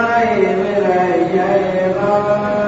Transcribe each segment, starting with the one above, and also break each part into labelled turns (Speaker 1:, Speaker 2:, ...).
Speaker 1: I am yeah, yeah.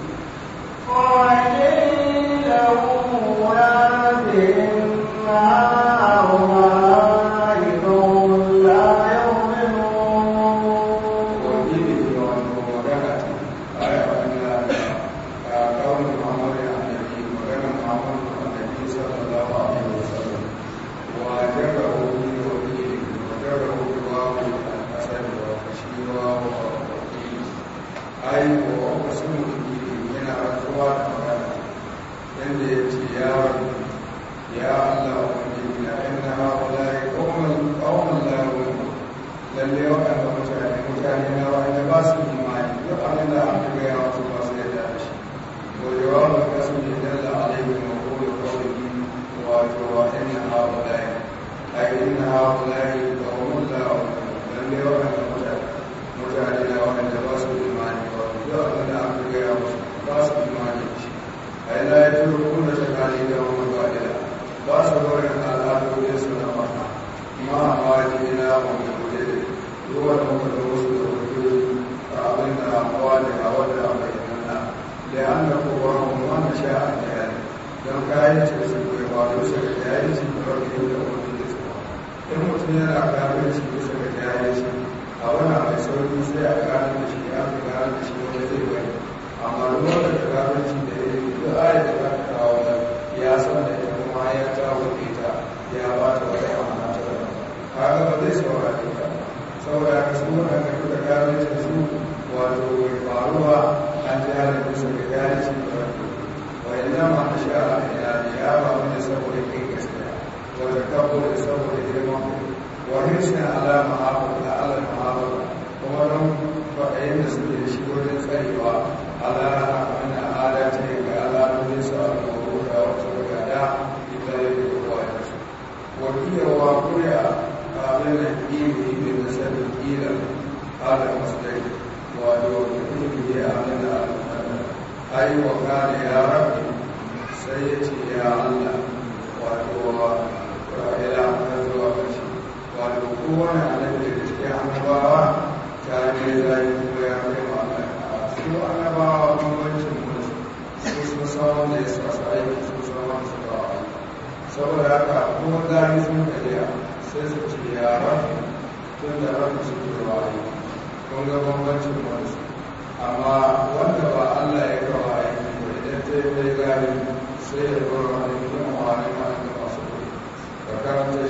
Speaker 2: saboda saboda girma wani suna alama abu da alam abu kuma don kwaɗayin da suke da shi wajen tsarewa alara mana ta yi ga alamomin sa a kawo da wata gada ita yi da kwaɗa su wakilawa kuriya abin da ƙiri bin da sabbin ya abin da ya sai ya wato kowane annabi daga cikin annabawa ta ne zai kuma ya kai ma Allah su annabawa bambancin mutu su sun san wanda ya sa su aiki sun san wanda su ba aiki saboda haka ko gani sun kariya sai su ce ya rafi da rafi su ke ba aiki kun ga bambancin mutu amma wanda ba Allah ya kawo yi sai ya bar wani ba karanta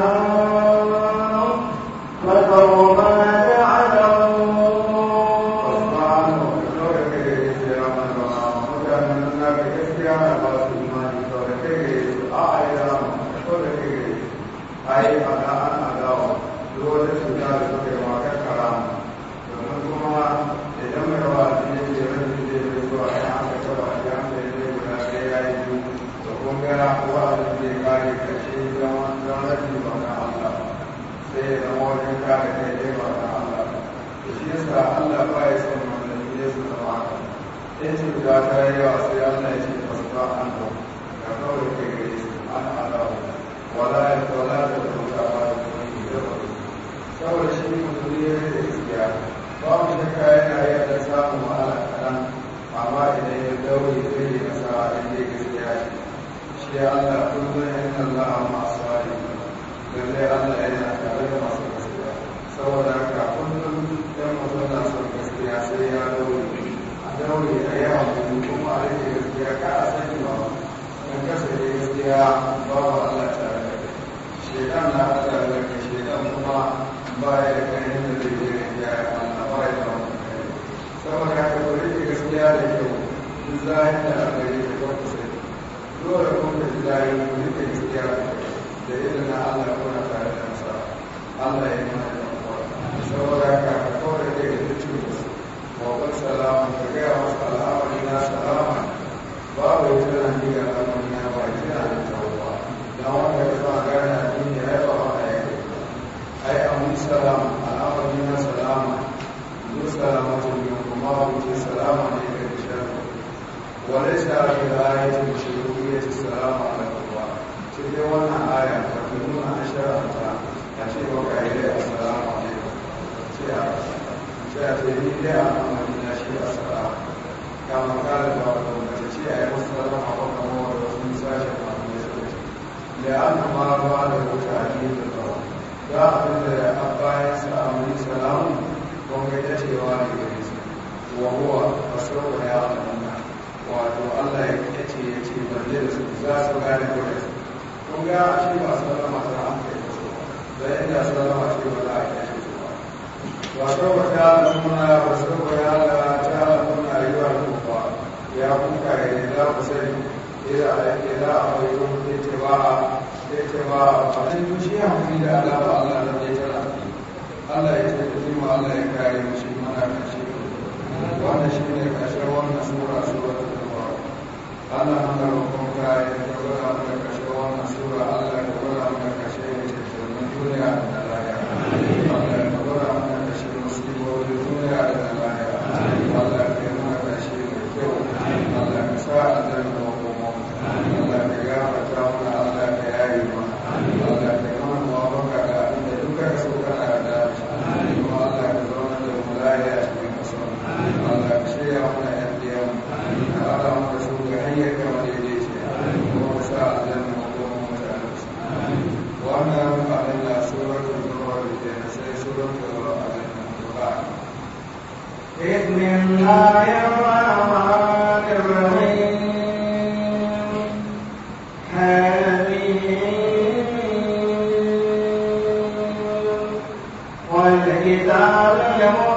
Speaker 2: يموت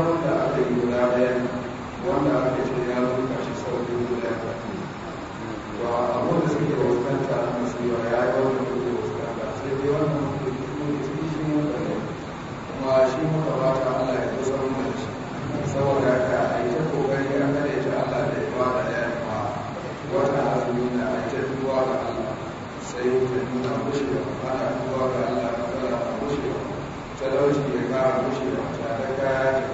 Speaker 2: wanda aka yi guda ɗaya wanda aka ce ya zuka shi sau biyu guda ba abin da suke fuskanta na musulma ya yi wanda suke fuskanta sai dai wannan mutum da kuma shi shi muka ne kuma shi muka bata Allah ya kusa da shi saboda ka a yi ta kokari an gane ta Allah da ya bada ya ma wata azumi na a yi ta duwa ga Allah sai ta nuna bushewa ana duwa ga Allah matsala ta bushewa talauci ya kara bushewa ta ta kaya ta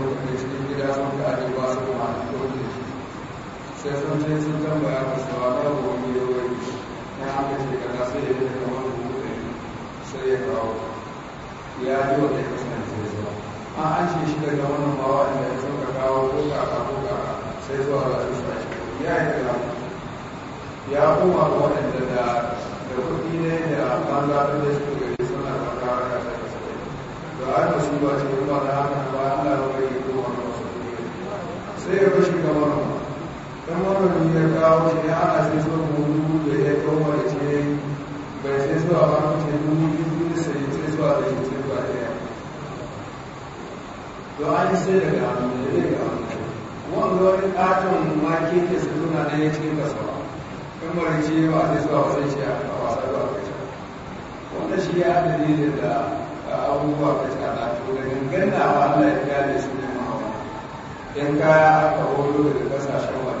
Speaker 2: sai sun ce sun tambaya da sawa ba da wani na sai sai ya ya
Speaker 3: ya
Speaker 2: an shi daga wannan bawa inda ya sun ka sai ya ya waɗanda da kuɗi da an da su gari suna kakawa ya ta kasance ba ba sai ya kuma wani ya kawo shi ne ana sai so mu da ya kawo da ce bai sai so a wani ce mu yi biyu da sai sai so a da sai so a ɗaya to an yi sai daga hannu da daga hannu wanda wani ƙaton wake ke su nuna na ya ce ba sama in mara ce su sai so a wasan shi a wasa wanda shi ya dalilin da abubuwa kaca na to da gangan na Allah ne ma'auna in kaya aka daga kasashen wani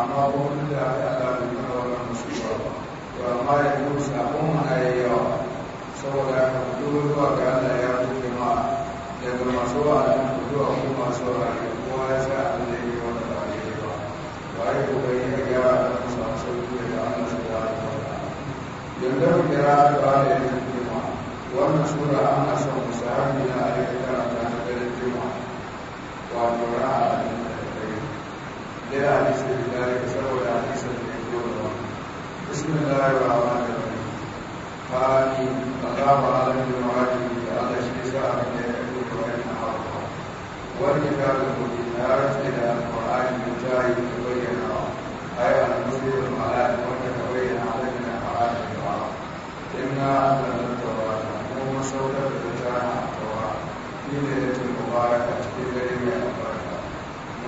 Speaker 2: amma ba wani da ya da bai mana wannan musuwa ba to amma yanzu sabon mana ya yawa saboda ya ka fito zuwa ga Allah ya fi jama'a daga masu wa'adin fitowa ko masu wa'adin kowa ya sa abin da ya yi wani da ya yi ba ba ya kokari ya gyara da musa sauki daga Allah su da ya fara yanzu mu kira addu'a da ya fi jama'a wannan sura ana son musahabi na alaikata na ta garin jama'a wato ra'a للحديث بذلك سبب الحديث المذكور بسم الله الرحمن الرحيم فاني فقام على المعاجم على شيء ساعه من يكون بين حرفها والكتاب المبين لا الى القران المجاهد تبين اي ان نصير المعاد وتتبين علينا معاجم العرب انا انزلنا التوراه ومسوده سوف التوراه في ليله مباركه في كلمه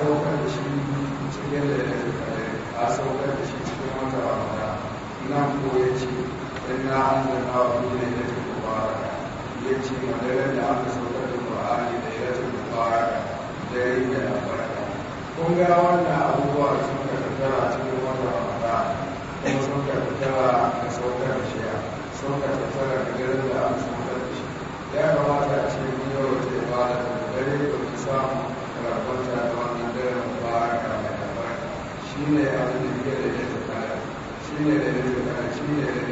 Speaker 2: saukar da shi cikin da a saukar da shi cikin wata ramada nan ko ya ce in na an da na wa ne da ta mubaraka ya ce da aka saukar da ƙwa'ani da ya da ya yi da albarka kun ga wannan abubuwa sun ka tattara cikin wata ramada kuma sun ka tattara shi ne ne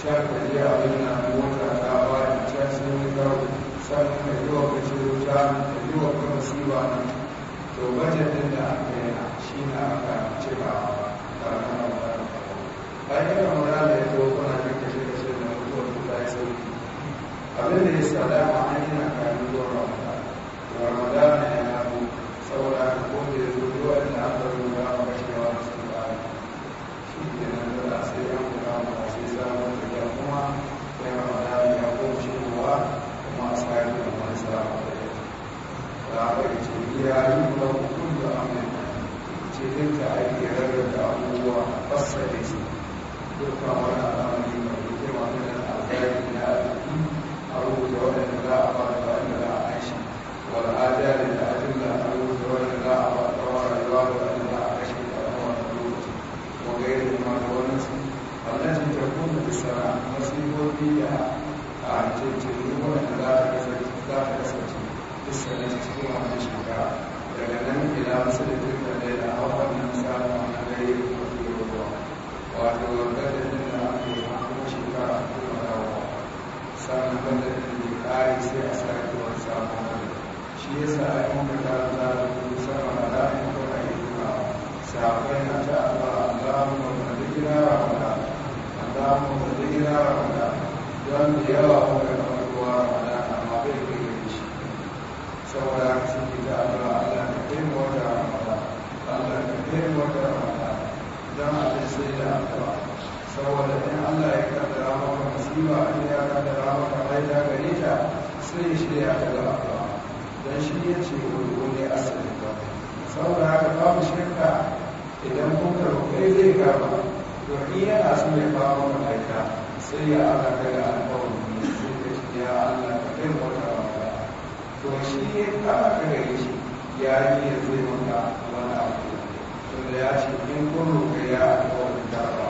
Speaker 2: shaka iya abin na mota ta bada ta sai wani gawo sannan ka yi wa kace wuta ka yi wa ka musiba nan to bajet din da aka yi na na aka ce ba na ba bayan yana mura da kuka ya sauki abin da ya sa dama an yana kayan duba an ya kada rama ka rai da gare ta sai shirya ta ga Allah don shi ya ce wani asali ba saboda haka babu shirka idan kun karɓi zai karɓa to in yana so ya ba wa malaika sai ya Allah ka ga alƙawari sai ka ce ya Allah ka kai wata wata to shi ya kama ka gare shi ya yi ya zai maka wani abu tunda ya ce in kun roƙa ya alƙawarin ta ba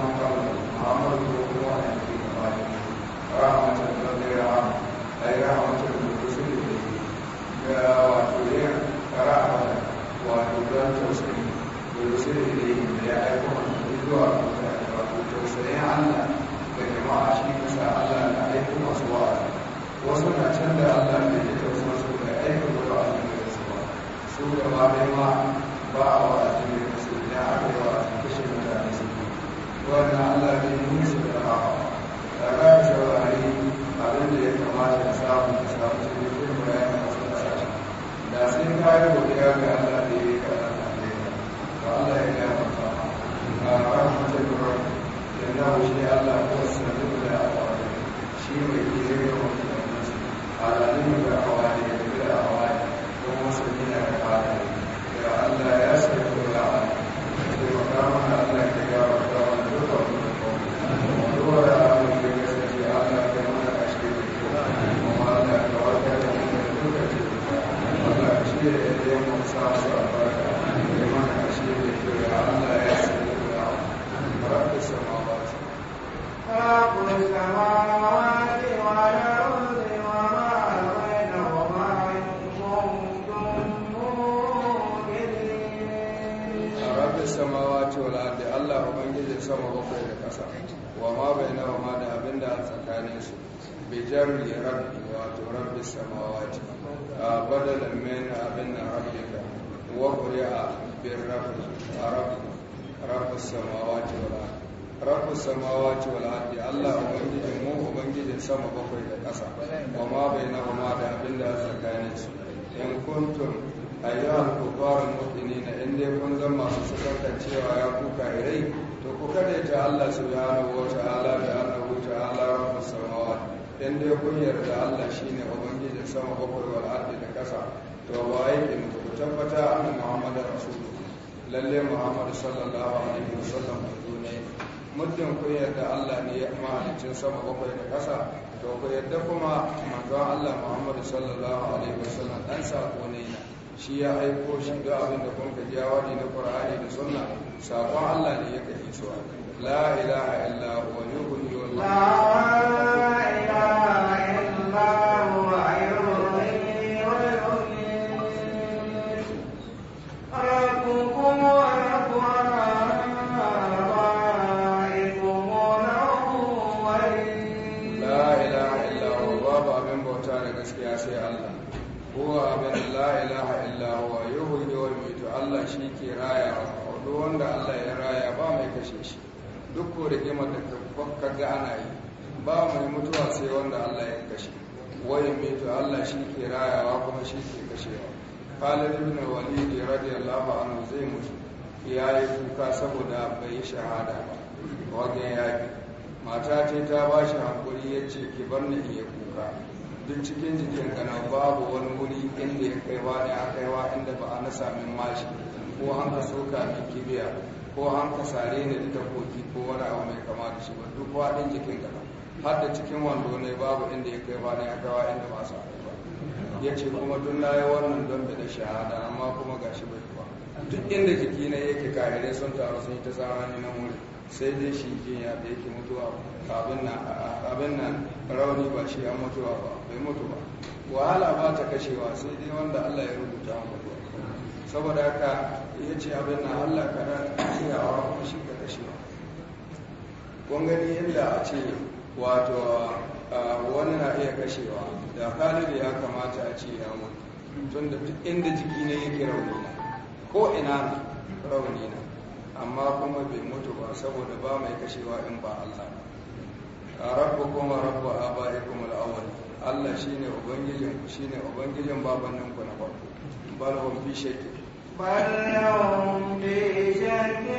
Speaker 2: wasu na can da allah ne ya tausa su da aikin da ba a cikin su ba su da ma dai ma ba a wa a cikin su da aka yi wa a cikin kashe mutane su ne wannan allah ne ya musu da rawa da za a saurari abin da ya kamata da samun da samun cikin bayanin wasu kasashe da sai kayan godiya ga allah ne Allah ya gafarta a rahmatul rahim yanzu shi Allah ko sanin da awari shi mai kire da wannan a da awari da awari kuma sanin da awari rabbus samawati wal ardi rabbus samawati wal ardi Allah ubangijin mu sama bakwai da ƙasa wa ma bainahuma da abin da tsakanin su in kuntum ayyuhal kufaru mu'minina in dai kun zan masu sakankan cewa ya kuka irai to ku ta Allah subhanahu wa Ala da annahu Ala rabbus samawati inda dai kun yarda Allah shi ne shine ubangijin sama bakwai wal ardi da ƙasa to ba in ku tabbata annabi Muhammadu rasulullah lalle muhammadu sallallahu alaihi wa wasallam manzo ne muddin ku yadda Allah ne ya mahalicin sama bakwai da ƙasa to ku yadda kuma manzon Allah muhammadu sallallahu alaihi wa wasallam dan sako ne shi ya aiko shi ga abin da kun ka ji wani na Qur'ani da Sunna sakon Allah ne ya kai su la ilaha illa huwa
Speaker 1: yuhyi wa yumiitu
Speaker 2: gaskiya sai Allah kowa abin la ilaha illa yau yuhyi wa yumiitu Allah shi ke rayawa duk wanda Allah ya raya ba mai kashe shi duk ko gima da ka ga ana yi ba mai mutuwa sai wanda Allah ya kashe wa yumiitu Allah shi ke rayawa kuma shi ke kashewa Khalid ibn walidi radiyallahu anhu zai mutu ya yi kuka saboda bai yi shahada ba wajen yaƙi mata ce ta ba shi hankuri ya ce ki bar ni in yi duk cikin jikin na babu wani wuri inda ya kaiwa ne a kaiwa inda ba a na samun mashi ko an ka soka min kibiya ko an ka sare ne da takoki ko wani abu mai kama da shi ba duk faɗin jikin ka har da cikin wando ne babu inda ya kaiwa ne a kaiwa inda ba su ba ya ce kuma duk na yi wannan don da shahada amma kuma gashi bai kuwa duk inda jiki na yake kahirai sun taru sun yi ta tsara ne na wuri sai dai shi jinya da yake mutuwa ba. abin nan rauni ba shi ya mutuwa ba bai mutu ba wahala ba ta kashewa sai dai wanda Allah ya rubuta mutuwa saboda haka ya ce abin nan Allah ka da iyawa kuma shi ka kashewa kun gani inda a ce wato wani na iya kashewa da kalibu ya kamata a ce ya mutu tun da duk inda jiki ne yake rauni na ko ina na rauni na amma kuma bai mutu ba saboda ba mai kashewa in ba Allah rabbukum wa rabbu abaikum al-awwal Allah shine ubangijin ku shine ubangijin nan ku na farko bal hum fi shakki
Speaker 1: bal hum fi shakki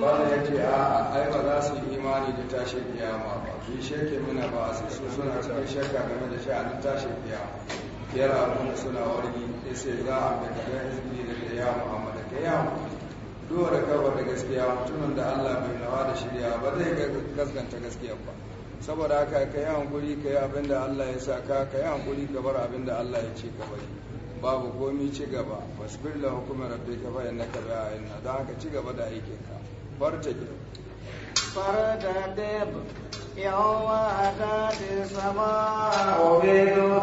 Speaker 1: bal yace a ai
Speaker 2: ba za su imani da tashin kiyama ba fi shakki muna ba su suna cikin shakka game da shi a sha'anin tashin kiyama yara kuma suna wargi sai za a bi da izini da ya Muhammad da ya Muhammad duwa da kabar da gaskiya mutumin da Allah bai nawa da shirya ba zai gaskanta gaskiya ba saboda haka ka yi hankuri ka yi abin da Allah ya sa ka ka yi hankuri ka bar abinda da Allah ya ce ka bari babu komi ci gaba wasbir la hukuma rabbika fa innaka bi'ayna dan haka ci gaba da aikin ka bar ta ki
Speaker 1: farada dab sama mubin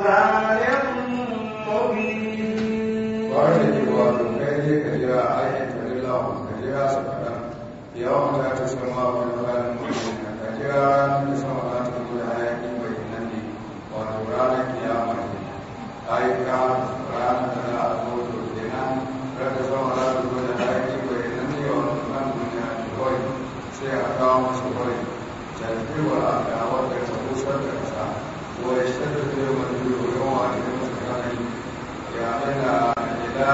Speaker 1: bar
Speaker 2: ta Allah kerja sekarang. Ya Allah kita semua berdoa mengucapkan kerja kita semua dalam kebudayaan ini da nanti orang orang yang amal. Aikah peran dan aku tuh dengan kerja semua dalam kebudayaan ini bagi nanti orang orang dunia ini sehat kaum sekali. Jadi tuan ada awak yang sebut sebut kerja. Boleh sebut dia menjadi orang yang sekarang ini. Ya Allah, ya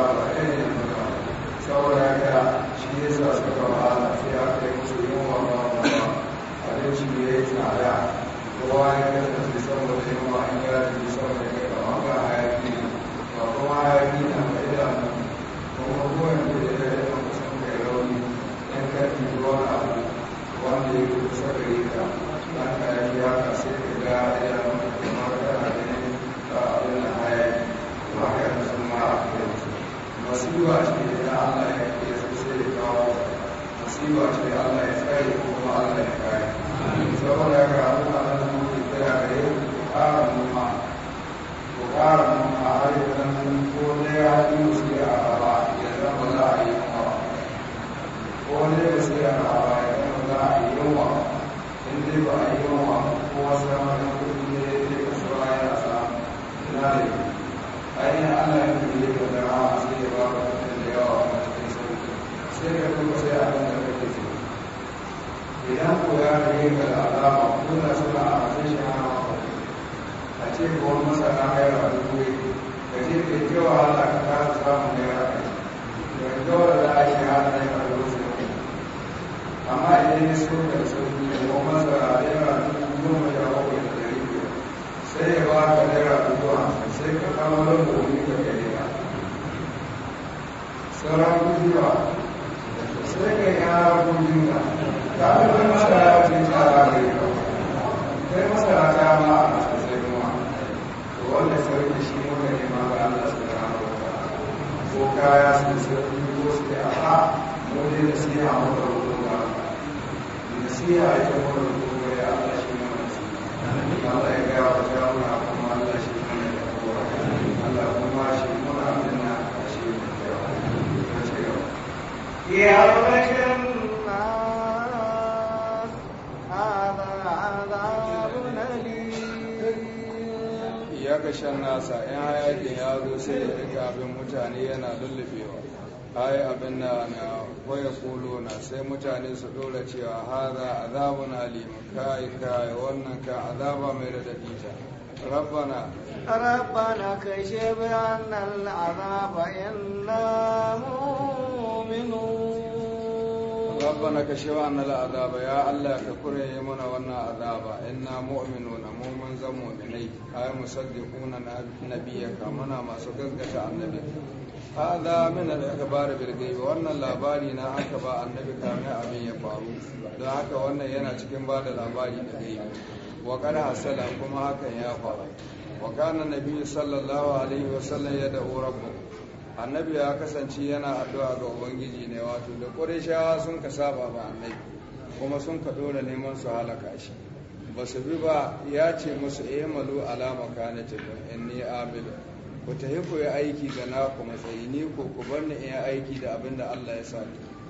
Speaker 2: azaba irin maka saboda haka shi ya sa suka wahala sai aka yi musu yunwa ba abinci da ya yi tsada kowa ya kasance
Speaker 1: ya shan nasa in hayakin
Speaker 2: ya zo sai ya rika abin mutane yana lullubewa ai abin na na waya kuluna sai mutane su dora cewa haza azabun alim kai kai wannan ka azaba mai radadi ta rabbana
Speaker 1: rabbana kashib annal azaba inna mu'minun rabbana ka
Speaker 2: na wa'annan ba ya Allah ka kure ya mana wannan azaba inna mu'minuna mu mun zan mu'minai ay musaddiquna nabiyyaka muna masu gaskata annabi hada min al-ikhbar bil ghaib wannan labari na aka ba annabi kamar abin ya faru Da haka wannan yana cikin bada labari da gaibi wa qad hasala kuma hakan ya faru wa kana nabiyyu sallallahu alaihi wasallam yad'u annabi ya kasance yana addu'a ga ubangiji ne wato da ƙurishawa sun ka saba ba annabi kuma sun ka dole neman su halaka shi ba su bi ba ya ce musu e malu alama na cikin in ni amilu ku tafi ku yi aiki ga naku matsayi ni ko ku bar ni in aiki da abin da Allah ya sa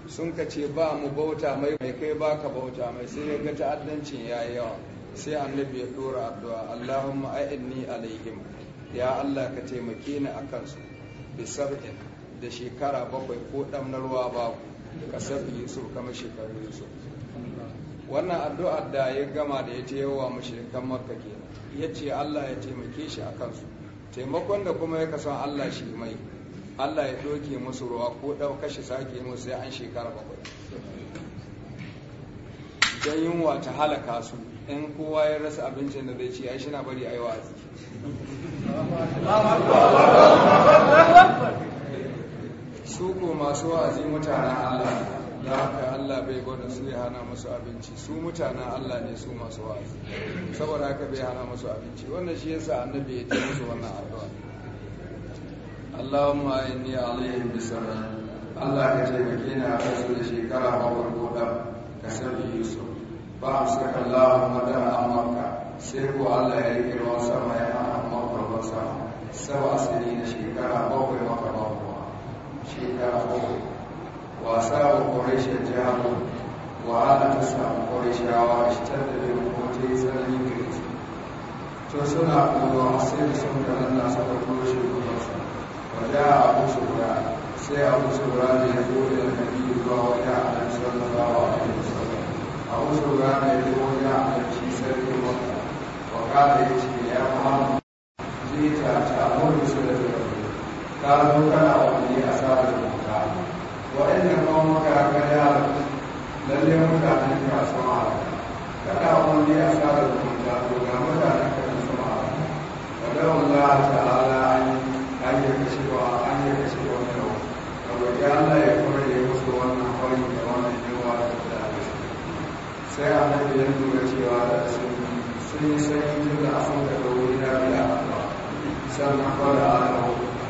Speaker 2: sun ka ce ba mu bauta mai kai ba ka bauta mai sai ya ga ta'addancin ya yi yawa sai annabi ya dora addu'a Allahumma a'inni alaihim ya Allah ka taimake ni a kansu. bisab'in da shekara bakwai ko ɗan na ruwa ka sabi yusuf kama shekaru yusuf wannan addu'ar da ya gama da ya tayawa mashirikan makka kenan ya ce allah ya taimake shi a kansu taimakon da kuma ya kasan allah shi mai allah ya doke musu ruwa ko ɗauka shi sake musu sai an shekara bakwai don yunwa ta halaka su in kowa ya rasa abincin da zai ci ya shi na bari a yi wa masu wa'azi mutanen Allah da haka Allah bai gwada su ya hana musu abinci su mutanen Allah ne su masu wa'azi saboda haka bai hana musu abinci wannan shi yasa annabi ya tafi musu wannan addu'a Allahumma inni alaihim bisara Allah ka ka kina a kasu da shekara bawar goda ka sabi Yusuf ba a saka Allahumma da amurka sai ko Allah ya yi kirwa sama ya amma kurban sama sawa asiri na shekara bakwai maka bakwai shekara bakwai wa sabu ƙorishin jihamu wa ala ta samu ƙorishawa a shitar da bin kota yi to suna kowa sai da sun ga nan nasa da kuma shugabansu wajen abu shura sai abu shura ne ya zo da nabi zuwa wajen annabi sallallahu alaihi wasallam abu shura ne ya zo wajen annabi sarki makka wa kada ya ce ya muhammad jita ta amurka su da ka zo kana wani a sa da ka wa'anda kawo maka ka da lalle mutanen ka sama kana wani a sa da ka to ga mutanen ka sama wa da Allah ta'ala an yi kashe wa an yi kashe wa da ka roki Allah ya kore musu wannan da da ta sai sun yi daga wuri sannan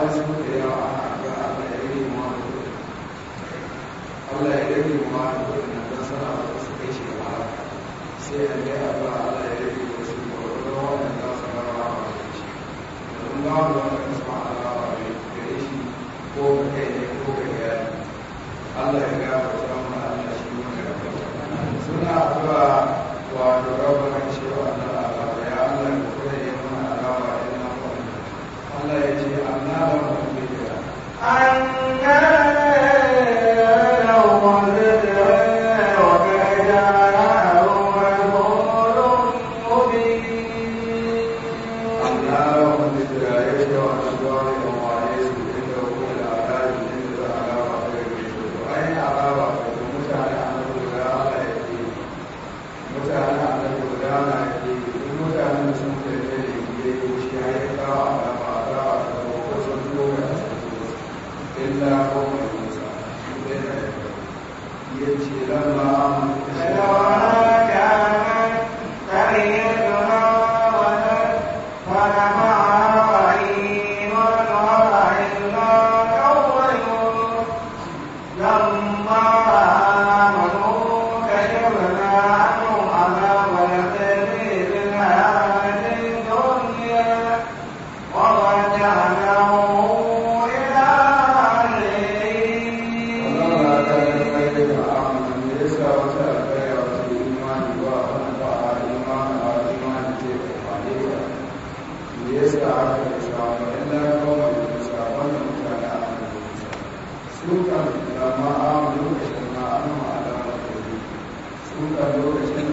Speaker 2: annabawa sai rawa Allah ya Lord.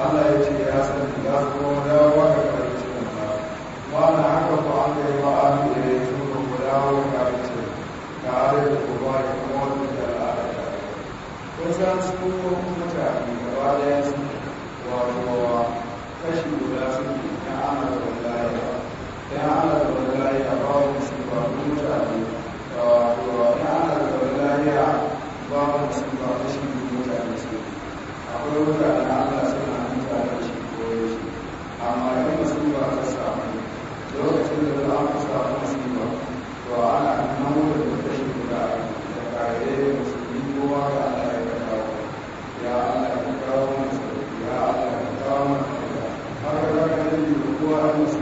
Speaker 2: Allah ya ce ya san da za su kuma dawo da ya ce ba, ma na haka ba an da yi ba an da ya ce ba, ka da kuma ya waɗansu mutane kowa an musu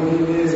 Speaker 2: Holy